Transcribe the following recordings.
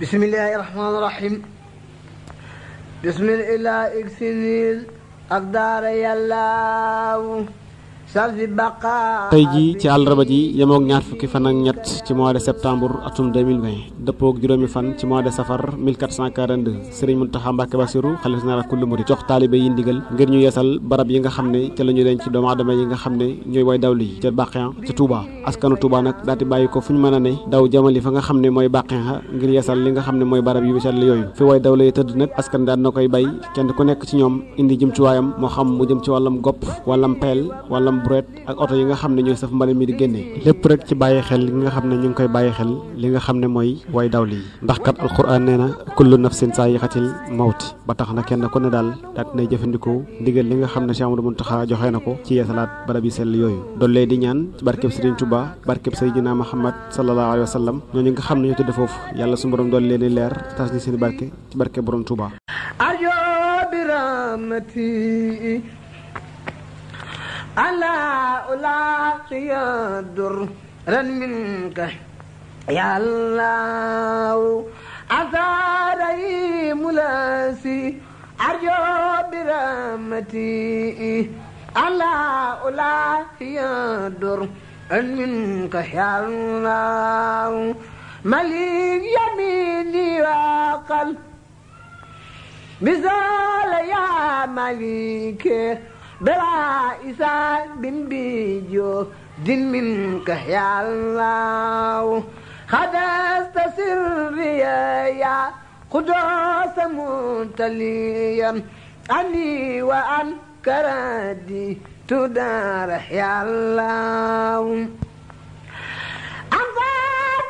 بسم الله الرحمن الرحيم بسم الله اكسني الأقدار يلاو tey jii ci àllarba ji yemook ñaar fukki fan ak ñett ci mois de septembre atum 2020 dëppook juróomi fan ci mois de safar 1442 Serigne Mountakha Mbacké Bassirou xalifa général kullu murid jox taalibe yi ndigal ngir ñu yeesal barab yi nga xam ne ca la ñu ñooy way dawli yi ca Baqiya ca Touba askanu Touba nag daati bàyyi ko fu ñu mën a ne daw jamali fa nga xam ne mooy Baqiya ngir yeesal li nga xam ne mooy barab yu sell yooyu fi way dawli yi tëdd nag askan daan na koy bay kenn ku nekk ci ñoom indi jëm ci waayam moo xam mu jëm ci wàllam gopp brouette ak oto yi nga xam ne ñooy saf mbalit mi di génne lépp rek ci bàyyi xel li nga xam ne ñu ngi koy bàyyi xel li nga xam ne mooy way daw lii ndax kat alxuraan nee na kullu nafsin saa yixatil mawti ba tax na kenn ku ne daal daal nay jëfandikoo ndigal li nga xam ne Cheikh Amadou Mountakha joxe na ko ci yeesalaat barab yi sell yooyu doollee di ñaan ci barkeb Serigne Touba barkeb Seydina Muhammad sallallahu alayhi wa sallam ñooñu nga xam ne ñu tëdd foofu yàlla su borom dool leen leer tas ni seen barke ci barke borom Touba ألا ألاقي درا منك يا الله أثاري ملاسي أرجو برحمتي ألا ألاقي درا منك يا الله مليك يميني وقلب بزال يا مليك بلا إسان بن بيجو دين منك يا الله خدست سريا يا قدوس متليا عني وعن كردي تدار يا الله أنت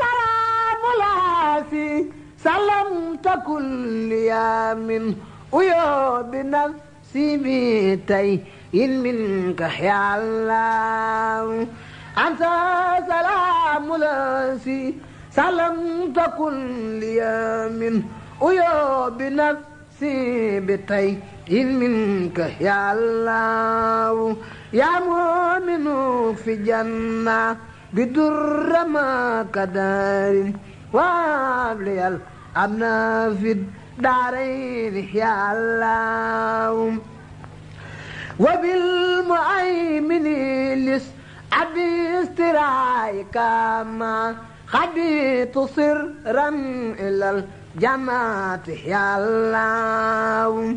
سلام لاسي سلمت كل يوم ويا بنفسي بيتي إن منك يا الله أنت سلام لاسي سلام تكن لي من ويا بنفسي بتي إن منك يا الله يا مؤمن في جنة بدر ما كدار وابلي الأمن في الدارين يا الله وبالمؤمن لس أبي استرايك ما خبيت سرا إلى الجماعة يا الله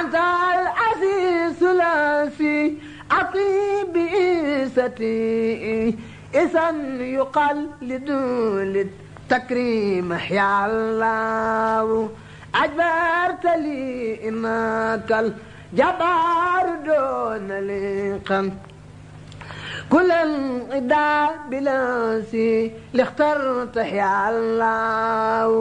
أنت العزيز الذي أطيب إيستي إذا يقلد للتكريم يا الله أجبرت لي إماك jabaaru doon na li xam kulal daa bila si lixtar tax yàllaaw